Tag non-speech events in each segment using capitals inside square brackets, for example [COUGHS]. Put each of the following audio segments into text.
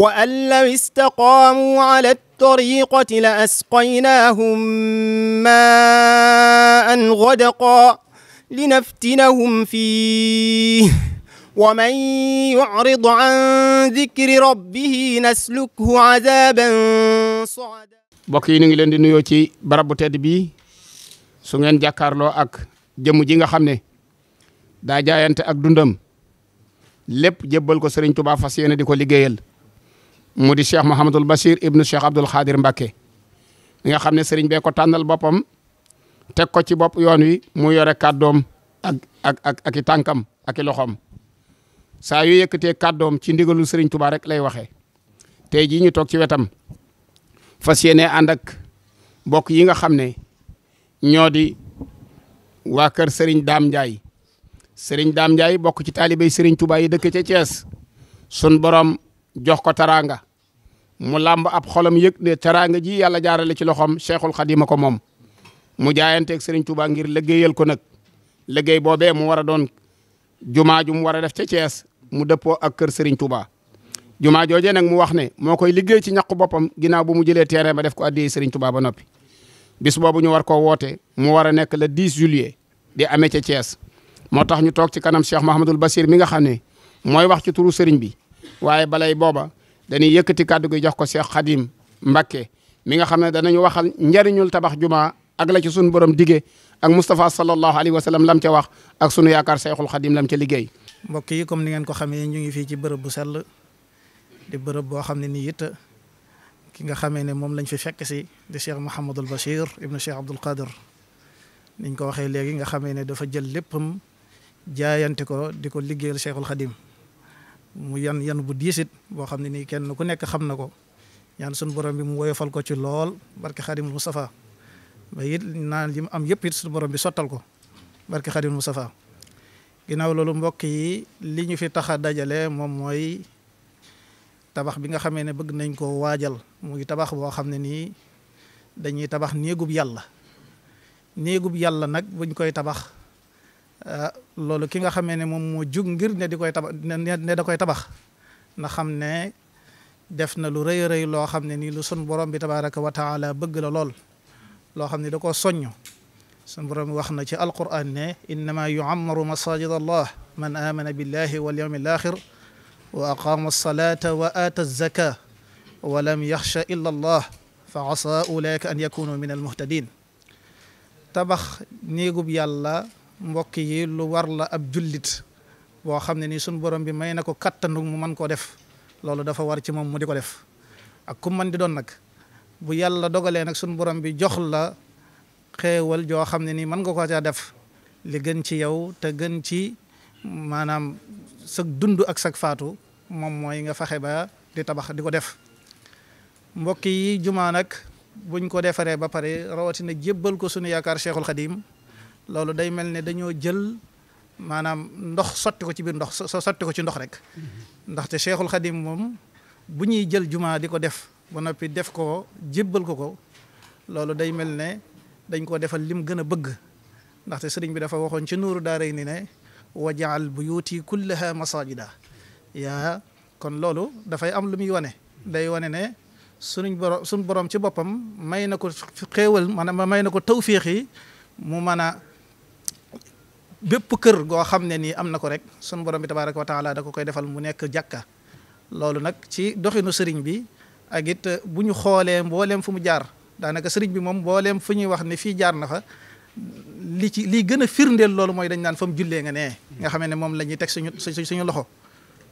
وأن لو استقاموا على الطريقة لأسقيناهم ماء غدقا لنفتنهم فيه ومن يعرض عن ذكر ربه نسلكه عذابا صعدا mbokk yi ñu ngi leen di nuyoo ci barab bu tedd bii su ngeen jàkkaarloo ak jëmm ji nga xam ne daa jaayante ak dundam lépp jébbal ko Serigne Touba fas yéene di ko liggéeyal mu di cheikh Mouhamadul Bachir ibnu cheikh Abdoul Khadir mbake mi nga xam ne sëriñ bee ko tànnal boppam teg ko ci bopp yoon wi mu yore kàddoom ak ak ak ak i tànkam ak i loxoom saa yu yëkkatee kàddoom ci ndigalul sëriñ Touba rek lay waxee tey jii ñu toog ci wetam fas yéene ànd bokk yi nga xam ne ñoo di waa kër sëriñ Dame Ndiaye sëriñ Dame njaay bokk ci taalibey sëriñ Touba yi dëkk ca sun borom. jox ko taraanga mu làmb ab xolam yëg ne taraanga ji yàlla jaarale ci loxoom cheikhul xadima ko moom mu jaayanteeg sëriñ Touba ngir liggéeyal ko nag liggéey boobee mu war a doon jumaa ju mu war a def ca Thiès mu dëppoo ak kër Serigne Touba. jumaa joojee nag mu wax ne moo koy liggéey ci ñàkku boppam ginnaaw bu mu jëlee terrain ba def ko addiyee Serigne Touba ba noppi bis boobu ñu war ko woote mu war a nekk le 10 juillet di amee ca Thiès moo tax ñu toog ci kanam Cheikh Mahamadul Basir mi nga xam ne mooy wax ci turu Serigne bi. waaye balay booba dañuy yëkkati kàddu gi jox ko Cheikh Khadim Mbacké mi nga xam ne danañu waxal njariñul tabax jumaa ak la ci sunu borom digee ak Moustapha sallallahu alayhi wa sallam lam ca wax ak sunu yaakaar Cheikhul Khadim lam ci liggéey. mbokk yi comme ni ngeen ko xamee ñu ngi fii ci bërëb bu sell di bërëb boo xam ne nii it ki nga xamee ne moom lañ fi fekk si di Cheikh Mouhamadul Bachir ibnu Cheikh Abdoul Qadir niñ ko waxee léegi nga xamee ne dafa jël léppam jaayante ko di ko liggéeyal Cheikhul Khadim mu yan yan bu diisit boo xam ne nii kenn ku nekk xam na ko ñaan sunu borom bi mu woyofal ko ci lool barke Xaadimul Mustafa ba it naan li mu am yëpp it sunu borom bi sottal ko barke Xaadimul Mustafa ginnaaw loolu mbokk yi li ñu fi tax a dajale moom mooy tabax bi nga xamee ne bëgg nañ koo waajal muy tabax boo xam ne nii dañuy tabax néegub yàlla néegub yàlla nag buñ koy tabax Euh, loolu ki nga xamee ne moom moo jug ngir ne di koy tabax ne da koy tabax na xam ne def na lu rëy rëy loo xam ne nii lu sun borom bi tabaraka wa taala bëgg la lool loo xam ne da koo soññ sun borom wax na ci alquran ne innama yuammaru masajid allah man amana billahi wal yawmi al axir wa aqama alsalata wa aata alzaka wa lam yaxsha illa allah fa asa ulaika an yakunu min almuhtadin tabax néegub yàlla mbokk yi lu war la ab jullit boo xam ne ni sunu borom bi may na ko kattanu mu man koo def loolu dafa war ci moom mu di ko def ak ku mën di doon nag bu yàlla dogalee nag sunu borom bi jox la xeewal joo xam ne nii mën nga ko caa def li gën ci yow te gën ci maanaam sag dund ak sag faatu moom mooy nga fexe ba di tabax di ko def mbokk yi jumaa nag buñ ko defaree ba pare rawatina jébbal ko sunu yaakaar Cheikhul Khadim loolu day mel ne dañoo jël maanaam ndox sotti ko ci biir ndox sotti ko ci ndox rek ndaxte Cheikhul Khadim moom bu ñuy jël jumaa di ko def ba noppi def ko jébbal ko ko loolu day mel ne dañ koo defal lim gën a bëgg ndaxte sëriñ bi dafa waxoon ci nuuru daaray ni ne bu wajaal buyuti kullaha masajida yaa kon loolu dafay am lu muy wane day wane ne sunuñ borom suñ borom ci boppam may na ko xéewal maanaam may na ko tawfiix yi mu mën a bépp kër goo xam ne nii am na ko rek sunu borom bi tabaaraka wa laa da ko koy defal mu nekk jàkka loolu nag ci doxinu sëriñ bi ak it eh, bu ñu xoolee mbooleem fu mu jaar daanaka sëriñ bi moom mbooleem fu ñuy wax ne fii jaar na fa li ci li gën a firndeel loolu mooy dañ naan fa mu jullee nga nee nga xamee ne moom la ñuy teg suñu suñu loxo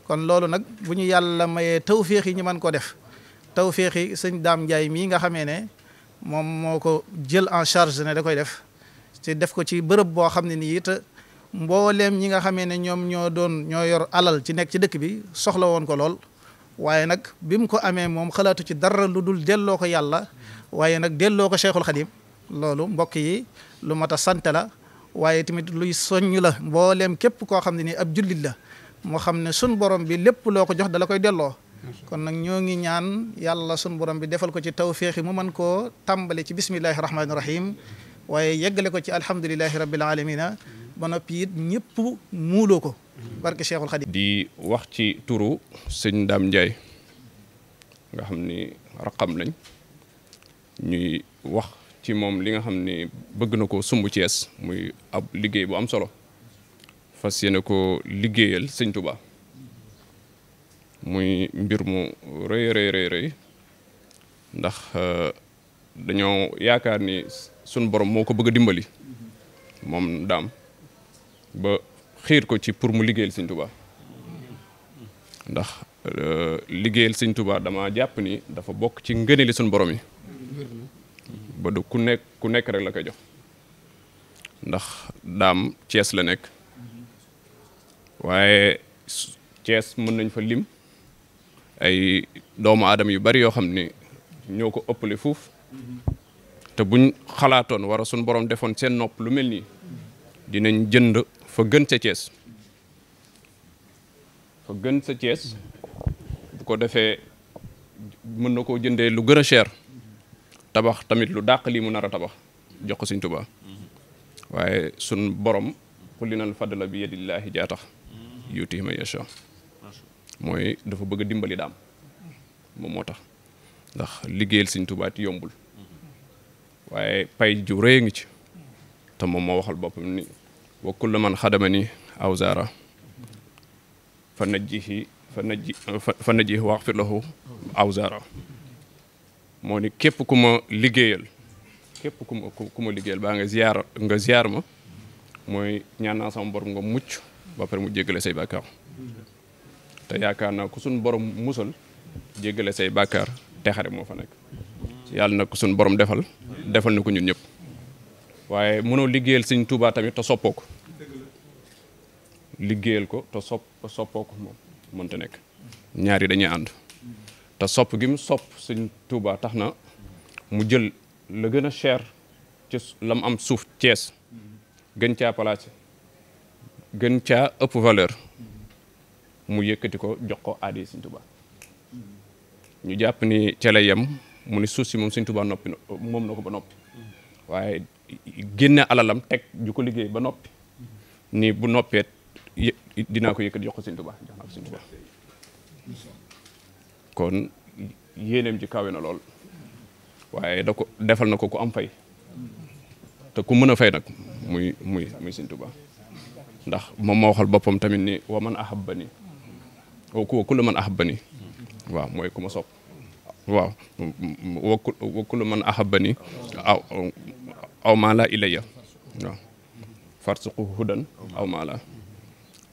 kon loolu nag bu ñu yàlla mayee tawféex yi ñu mën ko def tawféex yi sëñ Daam Njaay nga xamee ne moom moo ko jël en charge ne da koy def ci def ko ci bërëb boo xam ne nii it mbooleem ñi nga xamee ne ñoom ñoo doon ñoo yor alal ci nekk ci dëkk bi soxla woon ko lool waaye nag bi mu ko amee moom xalaatu ci dara lu dul delloo ko yàlla waaye nag delloo ko Cheikhul Khadim loolu mbokk yi lu mat a sant la waaye tamit luy soññu la mboolem képp koo xam ne ni ab jullit la moo xam ne sun borom bi lépp loo ko jox dala koy delloo kon nag ñoo ngi ñaan yàlla sun borom bi defal ko ci tawféex yi mu mën koo tàmbale ci bismillahi rahmaani rahim waaye yeggale ko ci alhamdulilahi rabbil alamina ba noppi it ñëpp muuloo ko barke Cheikhul Khadim di wax ci turu sëñ Dame Ndiaye nga xam ni raqam lañ ñuy wax ci moom li nga xam ni bëgg na ko sumb Thiès muy ab liggéey bu am solo fas yéene ko liggéeyal sëñ Touba muy mbir mu rëy rëy rëy ndax euh, dañoo yaakaar ni suñ borom moo ko bëgg a dimbali moom daam ba xiir ko ci pour mu liggéeyal sëñ Tuubaa ndax euh, liggéeyal sëñ Tuubaa dama jàpp ni dafa bokk ci ngëneeli suñ borom yi ba du ku nekk ku nekk rek la koy jox ndax daam Cees la nekk waaye Cees mën nañ fa lim ay doomu aadam yu bari yoo xam ni ñoo ko ëppale fuuf te buñ xalaatoon wara suñ borom defoon seen nopp lu mel nii dinañ jënd fa gën ca Thiès gën sa Thiès bu ko defee mën na koo jëndee lu gën a cher tabax tamit lu dàq lii mu nar a tabax jox ko Sëñ Tuubaa waaye sun borom xulli nan fadla bi yadillaahi jaa tax yuuti ma yasha mooy dafa bëgg dimbali daam moom moo tax ndax liggéeyal Sëñ Tuubaa yombul waaye pay ju ngi ci te moom moo waxal boppam ni wa kullu man xadamani aw zaara fa najjihi fa najji fa najjihi waxfir lahu aw zaara moo ni képp ku ma liggéeyal képp ku ma ku ma liggéeyal baa nga ziyaar nga ziyaar ma mooy ñaan naa sama borom nga mucc ba pare mu jéggale say bàkkaar te yaakaar na ku suñ borom musal jéggale say bàkkaar texare moo fa nekk yàlla na ko suñ borom defal defal na ko ñun ñëpp waaye mënoo liggéeyal sëñ Tuubaa tamit te soppoo ko liggéeyal ko te sopp soppoo moom mënta nekk ñaar dañuy ànd te sopp gi mu sopp sëñ Tuubaa tax na mu jël la gën a cher ci la am suuf Cees gën caa palaas gën ca ëpp valeur mu yëkkati ko jox ko aadi sëñ Tuubaa ñu jàpp ni ca yam mu ni suuf si moom sëñ Tuubaa noppi moom na ko ba noppi waaye génne alalam teg ju ko liggéey ba noppi nii bu noppeet dinaa ko yëkkat jox ko Sëñ Tuubaa jox naa kon yéeneem ci kawe na lool waaye da ko defal na ko ku am fay te ku mën a fay nag muy muy muy Sëñ ndax moom moo waxal boppam tamit ni wa man ahabbani wa kullu man ahabbani waaw mooy ku sopp waaw wa kullu man ahabbani aw aw maala ilayya waaw farsuqu hudan aw maala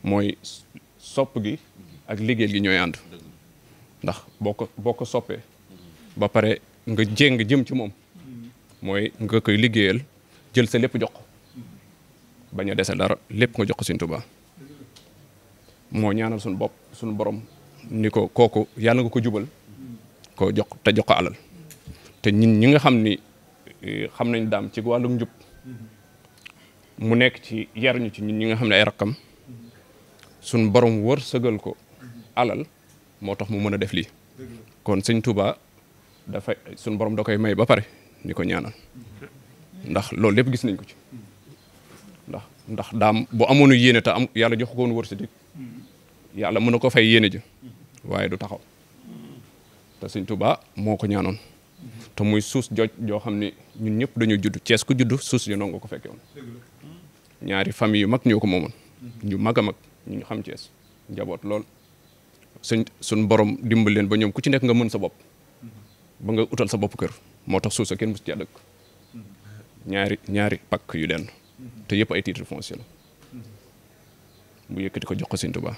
mooy sopp gi ak liggéey gi ñooy ànd ndax boo ko boo ko soppee ba pare nga nga jëm ci moom mooy nga koy liggéeyal jël sa lépp jox ko bañ a dara lépp nga jox ko Sëriñ Tuubaa moo ñaanal suñu bopp suñu borom ni ko kooku yàlla nga ko jubal ko jox te jox ko alal te ñi nga xam ni xam nañ daam ci wàllum njub mu nekk ci yaruñu ci ñun ñi nga xam ne ay rakkam suñ borom wërsëgal ko alal moo tax mu mën a def lii kon sëñ Touba dafa suñ borom da koy may ba pare ni ko ñaanal ndax loolu lépp gis nañ ko ci ndax ndax daam bu amoon yéene te am yàlla jox ko woon wërsëg yàlla mën na ko fay yéene ji waaye du taxaw te sëñ Touba moo ko ñaanoon te muy suus joj joo xam ne ñun ñëpp dañu juddu Cees ku judd suus ji noonu nga ko fekkee woon ñaari famille yu mag ñoo ko moomoon ñu mag a mag ñu xam Cees njaboot lool suñ suñ borom dimbal leen ba ñoom ku ci nekk nga mën sa bopp ba nga utal sa bopp kër moo tax sa kenn mus ci dëkk ñaari ñaari pakk yu denn te yëpp ay titre foncier la mu yëkkati ko jox ko Sëñ Tuubaa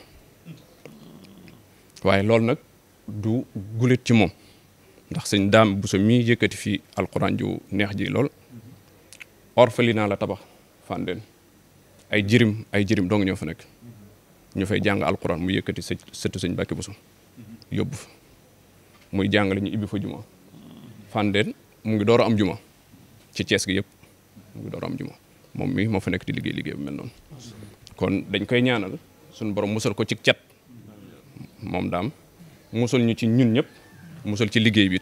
waaye loolu nag du gulet ci moom ndax sëñ daam bu sa mii yëkkati fii alxuraan ju neex ji lool orphelinat la tabax fàndeen ay jirim ay jirim dong ñoo fa nekk ñu fay jàng alxuraan mu yëkkati së sëtu sëñ Mbàkke Buso yóbbu fa muy jàngale ñu ibbi fa juma fàndeen mu ngi door am juma ci Cees gi yëpp mu ngi door am juma moom mii moo fa nekk di liggéey liggéey bu mel noonu kon dañ koy ñaanal suñ borom musal ko ci cat moom daam musal ñu ci ñun ñëpp musal ci liggéey bi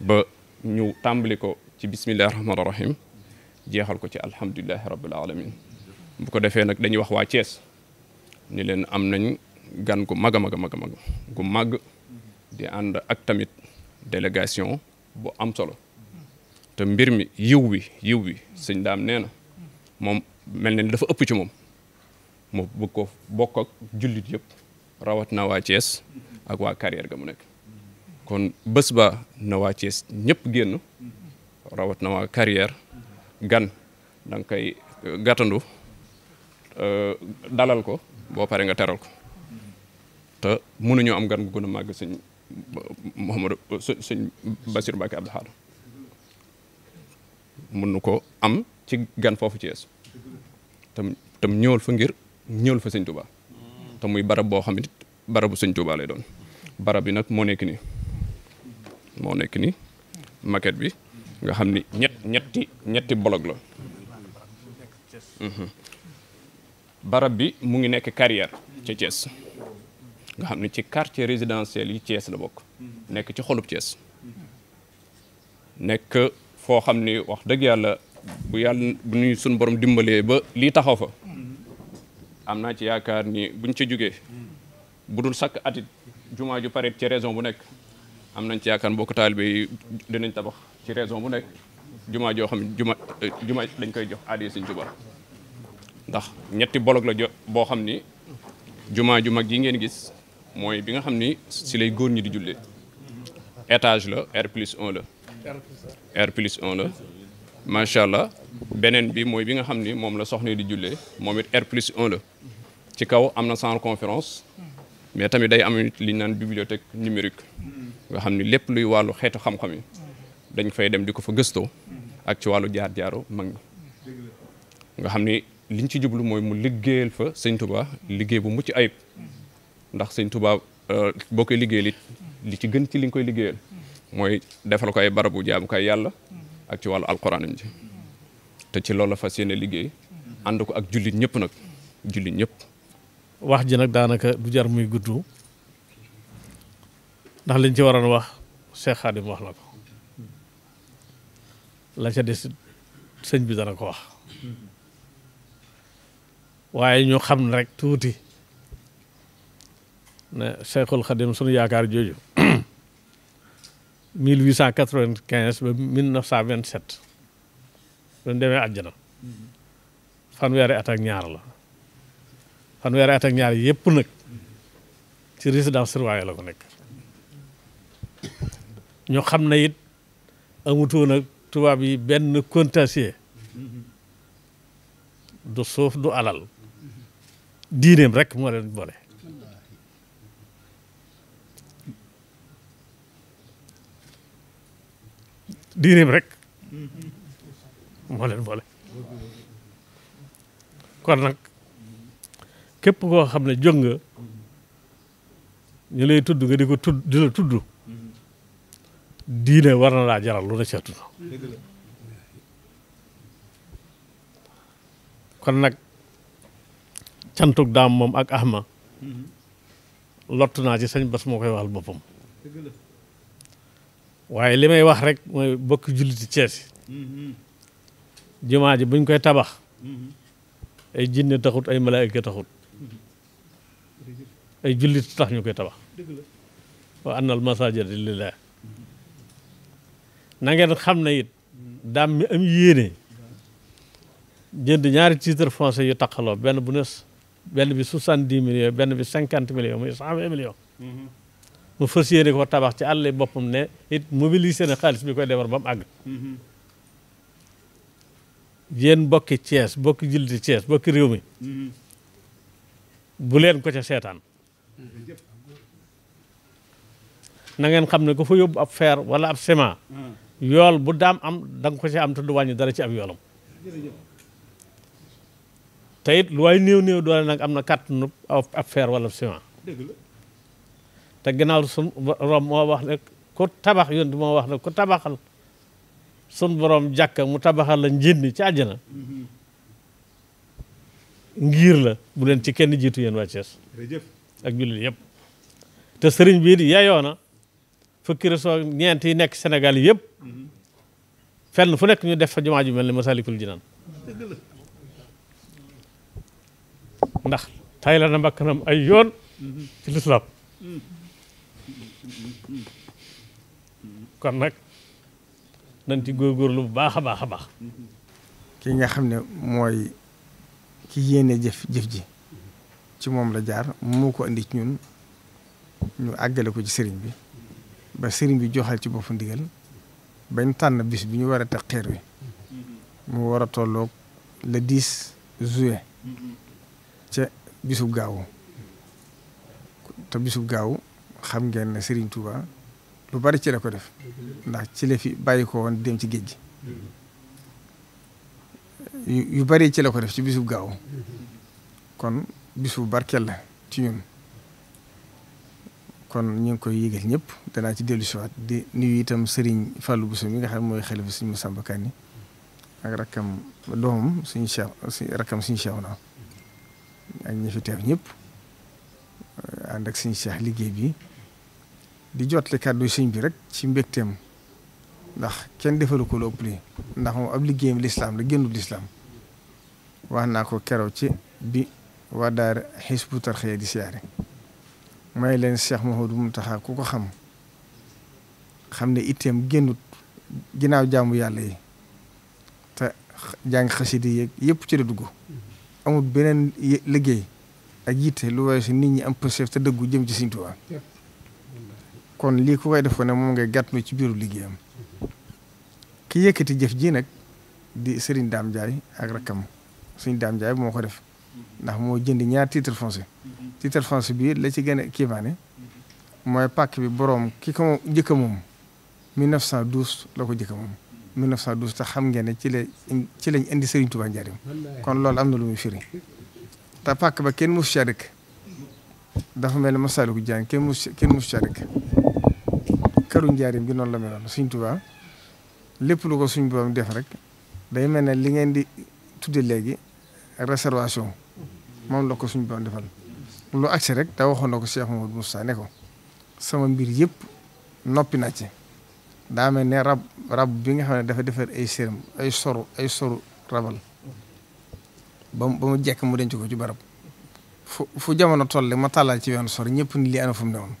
ba ñu tàmbali ko ci bismillahi rahmaani rahim jeexal ko ci alhamdulilahi rabbil alamin bu ko defee nag dañuy wax waa Thiès ni leen am nañ gan gu mag a mag a màgg di ànd ak tamit délégation bu am solo te mbir mi yiw wi yiw wi sëñ daam nee na moom mel na ni dafa ëpp ci moom mu bëgg ko bokk jullit yëpp rawat na waa Thiès ak waa carrière ga mu nekk kon bés ba na waa Thiès ñëpp génn rawat na waa carrière gan danga nga koy euh, gàttandu euh, dalal ko boo paree nga teral ko te mënuñoo am gan gu gën a màgg sëñ Mouhamadou sëñ Bassirou Mbacké mën nu ko am ci gan foofu Thiès tam tam ñëwal fa ngir ñëwal fa sëñ Touba te muy barab boo xam ne barabu sëñ Touba lay doon barab bi nag moo nekk nii moo nekk ni maquette bi nga xam ni ñett ñetti ñetti bolog la mhm. barab bi mu ngi nekk carrière ca Thiès nga xam ni ci quartier résidentiel yi Thiès la bokk nekk ci xolub Thiès nekk foo xam ni wax dëgg yàlla bu yàlla bu ñuy suñ borom dimbalee ba lii taxaw fa am naa ci yaakaar ni buñ ci jógee bu dul sakk atit jumaa ju pareet ci raison bu nekk am nañ ci yaakaar mbokk taalibe yi dinañ tabax ci raison bu nekk jumaa joo xam ne juma euh, juma dañ koy jox aadee Sëñ Tuubaa ndax ñetti bolog la jo boo xam ni jumaa ju mag yi ngeen gis mooy bi nga xam ni si lay góor ñi di jullee étage la R plus 1 la R plus la macha allah beneen bi mooy bi nga xam ni moom la soxna di jullee moom it R plus 1 la ci kaw am na centre conférence mais tamit day am li ñu naan bibliothèque numérique nga xam ni lépp luy wàllu xeetu xam-xam yi dañ fay dem di ko fa gëstoo ak ci wàllu jaar-jaaru mag nga xam ni liñ ci jublu mooy mu liggéeyal fa sëñ Touba liggéey bu mucc ayib ndax sëñ tubaa euh, boo koy liggéeyal it li ci gën ci liñ koy liggéeyal mooy defal ko ay barabu kay yàlla ak ci wàllu alquraanam ji te ci loolu la fas yéene liggéey ànd ko ak jullit ñëpp nag jullit ñëpp. wax ji nag daanaka du jar muy gudd ndax liñ ci waroon wax Cheikh Khadim wax na ko la ca des sëñ bi dana ko wax waaye ñu xam ne rek tuuti ne Cheikhul Khadim sunu yaakaar jooju 1895 [COUGHS] ba 1927 bu ñu demee àjjana fanweeri at ak ñaar la. fanweeri at ak ñaar yëpp nag ci résidence surveillée la ko nekk ñu xam na it amutoon nag tubaab yi benn contentieux du suuf du alal diineem rek moo leen boole diineem rek moo leen boole kon nag képp koo xam ne jóg nga ñu lay tudd nga di ko tudd di la tudd diine war na laa jaral lu na ci àdduna kon nag cantuk daam moom ak ahma lott naa ci sañ bas moo koy waxal boppam waaye li may wax rek mooy bokk julliti Cees mm-hmm. jumaa ji buñ koy tabax mm-hmm. ay jinne taxut ay malaayika taxut ay jullit tax ñu koy tabax wa annal masajida lillah na ngeen xam ne it daam mi am yéene jënd ñaari titre foncier yu taqaloo benn bu nes benn bi soixante-dix millions benn bi cinquante millions muy cent mu fas yéene ko tabax ci àll boppam ne it mobilisé na xaalis bi koy defar ba mu àgg yéen bokki Thiès bokki jullit Thiès bokki réew mi bu leen ko ca seetaan na ngeen xam ne ku fa yóbbu ab fer wala ab ciment yool bu daam am dang ko ci am te du wàññi dara ci ab yoolam te it lu waay néew néew doole nag am na kàttanu ab fer wala ab ciment te gannaaw sun borom moo wax ne ku tabax yont moo wax ne ko tabaxal sun borom jàkka mu tabaxal la njënd ci àjjana mhm. ngir la bu leen ci kenn jiitu yéen waa Thiès ak jullit yëpp te sëriñ bii di yaayoo na fukki réseau ñeent yi nekk Sénégal yëpp fenn fu nekk ñu def fa jumaa ju mel ni Masalikul Jinaan ndax tay la na mbakkanam ay yoon ci lislaam kon nag nañ ci góorgóorlu bu baax a baax a baax ki nga xam ne mooy ki yéene jëf jëf ji ci moom la jaar moo ko indi ci ñun ñu àggale ko ci sëriñ bi ba sëriñ bi joxal ci boppu ndigal bañ tànn bis bi ñu war a teg xeer wi mu war a tolloog le 10 juillet ca bisu gaawu te bisu gaawu xam ngeen ne Serigne Touba lu bari ci la ko def ndax ci la fi bàyyi ko woon dem ci géej gi yu bari ci la ko def ci bisub gaaw kon bisu barkeel la ci ñun kon ñu ngi koy yëgal ñëpp danaa ci dellu waat di nuyu itam Serigne Fallou Bousso mi nga xam ne mooy xalifa mu Massamba Kanni ak rakkam doom suñ Cheikh rakkam suñu Cheikh na ak ñi fi teew ñëpp ak suñu Cheikh liggéey bi di jotle kàddu suñ bi rek ci mbégteem ndax kenn defalu ko lu ëpp lii ndax moom ab liggéeyam lislaam la génnul lislaam wax naa ko keroog ci bi waa daara Hizbut Tarqiyyah di siyaare may leen Cheikh Mouhamadou Mountakha ku ko xam xam ne itteem génnut ginnaaw jaamu yàlla yi te jàng xasida yi yëpp ci la dugg amul beneen liggéey ak yitte lu waaye si nit ñi am pësef te dëggu jëm ci Sëriñ Tuubaa kon lii ku koy def ko ne moom ngay gàtt ci biiru liggéeyam ki yëkkati jëf jii nag di Serigne Dame Ndiaye ak rakkam suñ Dame Ndiaye moo ko def ndax moo jënd ñaar titre foncier titre foncier bi la ci gën a kiimaane mooy pàkk bi boroom ki ko jëkk a moom 1912 la ko jëkk a moom 1912 te xam ngeen ne ci la ci lañ indi Serigne Touba Njaarim kon loolu am na lu muy firi te pàkk ba kenn musu ca dëkk dafa mel ne Masaalikul Jinaan kenn musu kenn musu ca dëkk këru Njaarim bi noonu la meloon Serigne Touba lépp lu ko suñ borom def rek day mel ne li ngeen di tudde léegi reservation moom la ko suñ borom defal lu agsi rek da waxoon na ko Cheikh Mamadou Moussa ne ko sama mbir yëpp noppi na ci daa mel ne rab rab bi nga xam ne dafa defar ay séram ay soru ay soru rabal ba mu ba mu jekk mu ko ci barab fu fu jamono toll ma tàllal ci wenn sor ñëpp ni lii ana fu mu ne woon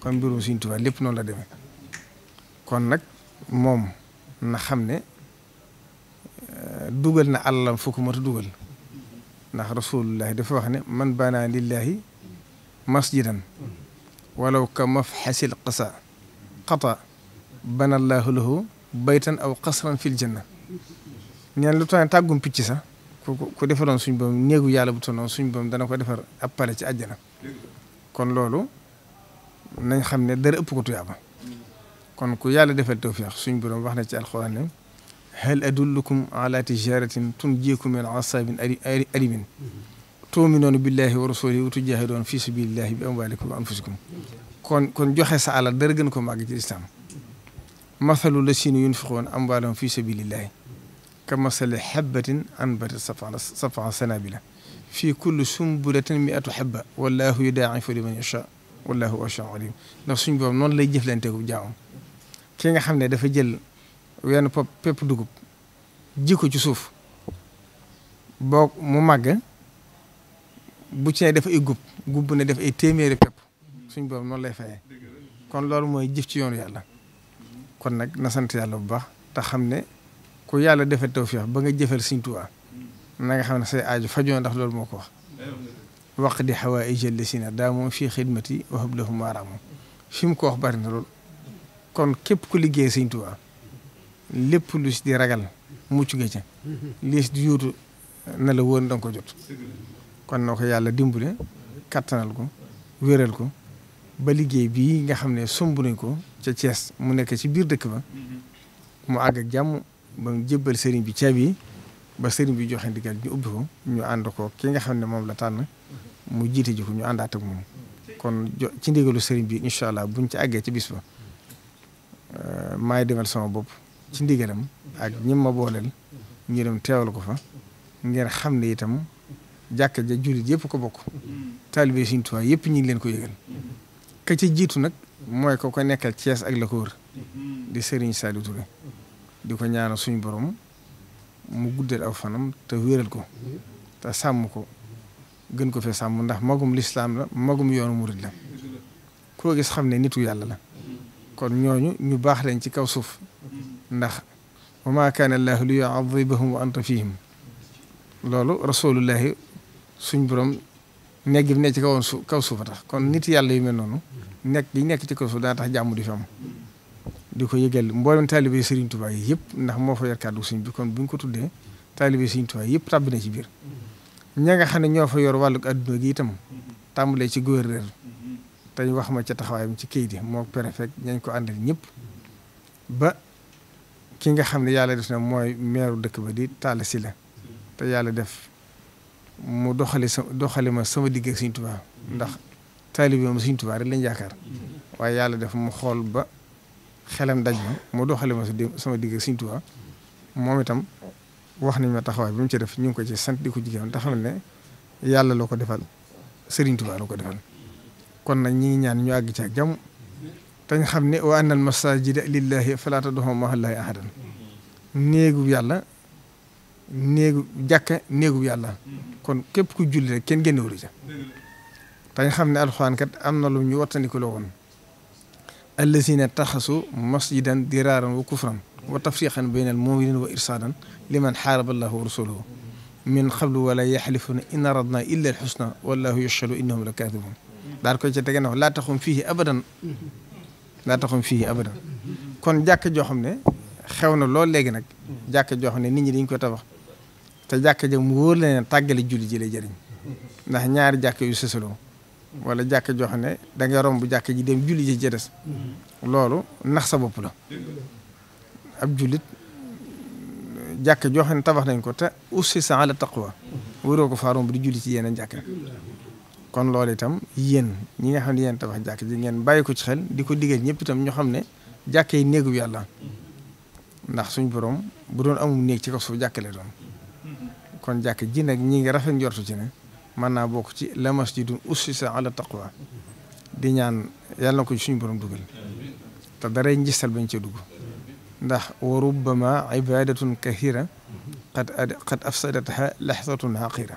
kon mbirum Sëriñ Tuubaa lépp noonu la deme kon nag moom na xam ne dugal na àllam fu ko matu dugal ndax rasulullahi dafa wax ne man bana lillahi masjidan walaw ka mafxasil qasa qata bana allahu lahu baytan aw qasran fil janna ñaan lu tax tàggum picci sax ko ku defaloon suñ boom néegu yàlla bu tonoon suñ boom dana ko defar appale ci àjjana kon loolu nañ xam ne dara ëpp ko tuyaaba kon ku yàlla defal tawfiix suñ borom wax na ci alxuraan ne hal adullukum ala tijaratin tunjiikum min asaabin alimin tuuminuuna billahi wa rasulihi wa tujaahiduuna fi sabilillahi bi amwaalikum wa anfusikum kon kon joxe sa alal dara gën ko màgg ci lislaam masalu lasiina yunfiquuna amwaalahum fi sabilillahi ka masali xabbatin anbatat sab'a sanaabila fi kulli sumbulatin mi'atu habba wallahu yu liman yashaa wallahu waasi'un aliim ndax suñ boobu noonu lay jëflanteeku jaamam ki nga xam ne dafa jël wenn pop pepp dugub ji ko ci suuf boo mu màgg bu ci ne def ay gub gubb ne def ay téeméeri pepp suñ boobu noonu lay fayee kon loolu mooy jif ci yoonu yàlla kon nag na sant yàlla bu baax te xam ne ku yàlla defal tawfeex ba nga jëfal Sëriñ Tuubaa na nga xam ne say aaju fajoo ndax loolu moo ko wax waq di xawaa i jëlle si na daa moom fii xidmati wa hablahum maaraam fi mu ko wax bari na loolu kon képp ku liggéey sëñ Tuubaa lépp lu si di ragal mucc nga ca lii di yóotu na la woon danga ko jot kon na ko yàlla dimbale kattanal ko wéral ko ba liggéey bi nga xam ne sumb nañ ko ca cees mu nekk ci biir dëkk ba mu àgg jàmm ba mu jébbal sëriñ bi ceeb yi ba sëriñ bi joxe ndigal ñu ubbi ko ñu ànd ko ki nga xam ne moom la tànn mu jiite ji ko ñu àndaat ak moom kon ci ndigalu sëriñ bi incha allah buñ ci àggee ci bis ba Euh, maay demal sama bopp ci ndigalam ak ñi ma booleel ngir teewal ko fa ngeen xam ne itam jàkka ja jullit yëpp ko bokk. taalibe Sëriñ Tuubaa yëpp ñu ngi leen ko yëgal. ka ca jiitu nag mooy ko ko nekkal Cees ak la ko wër di Serigne Saliou Touré di ko ñaanal suñu borom mu guddal aw fanam te wéral ko te sàmm ko gën ko fee sàmm ndax magum lislaam la magum yoonu murid la koo gis xam ne nitu yàlla la. kon ñooñu ñu baax leen ci kaw suuf ndax wa maa kaana allaahu li yu'adhibahum wa anta fihim loolu rasulullahi suñ borom nekk gi ci kawoon su kaw suufa tax kon nit yàlla yu mel noonu nekk gi nekk ci kaw suuf daa tax jàmm di fi am di ko yëgal mboolem taalibe Serigne Touba yi yëpp ndax moo fa yor kàddu suñ bi kon bu ñu ko tuddee taalibe Serigne Touba yëpp tàbbi na ci biir ña nga xam ne ñoo fa yor wàllu adduna gi itam tàmbalee ci gouverneur te ñu wax ma ca taxawaayam ci kayit yi moo préfet ñañ ko àndal ñëpp ba ki nga xam ne yàlla def mooy meeru dëkk ba di Talla Sylla te yàlla def mu doxali sa doxali sama digg ak Sëriñ ndax taalibe ma Sëriñ Tuubaa rek lañ yaakaar waaye yàlla def mu xool ba xelam daj ma mu doxali ma sama digg ak Sëriñ moom itam wax nañ ma taxawaay bi mu ci def ñu ngi ko ci sant di ko jigéen te xam ne yàlla loo ko defal Sëriñ Tuubaa loo ko defal kon nag ñi ngi ñaan ñu àgg ci ak jàmm xam ne wa anna al masajida lillahi fala tad'u ma'a allahi ahadan néegub yàlla néegu jàkka néegub yàlla kon képp ku julli rek kenn génnewul ca xam ne alxuraan kat am na lu ñu wattandiku la woon taxasu masjidan diraaran wa kufran wa tafriqan bayna al muminin wa irsaadan liman xaaraba allaha wa rasulahu min qablu wala yaxlifuna in aradna illa alxusna wallahu yashhadu innahum la kaadibun daal koy ca tege na laa taxum fii abadan laa taxum fii abadan kon jàkk joo xam ne xew na loolu léegi nag jàkk joo xam ne nit ñi dañ ko tabax te jàkk ja mu wóor la tàggale julli ji lay jëriñ ndax ñaari jàkk yu sësaloo wala jàkk joo xam ne da nga romb jàkk ji dem julli ji ci loolu nax sa bopp la ab jullit jàkk joo xam ne tabax nañ ko te ussi sa la ala taqwa wëroo ko faaroom bu di julli ci yeneen jàkk kon loolu itam yéen ñi nga xam ne yéen tabax jàkk ji ngeen bàyyi ko ci xel di ko digal ñëpp itam ñu xam ne jàkk yi néegu yàlla ndax suñ boroom bu doon amum néeg ci kaw suuf jàkkale doon kon jàkk ji nag ñi ngi rafet njortu ci ne mën naa bokk ci la masjidun ussisa ala taqwa di ñaan yàlla ko suñu borom dugal te daray njistal bañ cee dugg ndax wa rubbama ibadatun kathira qad qad afsadataha lahzatun haqira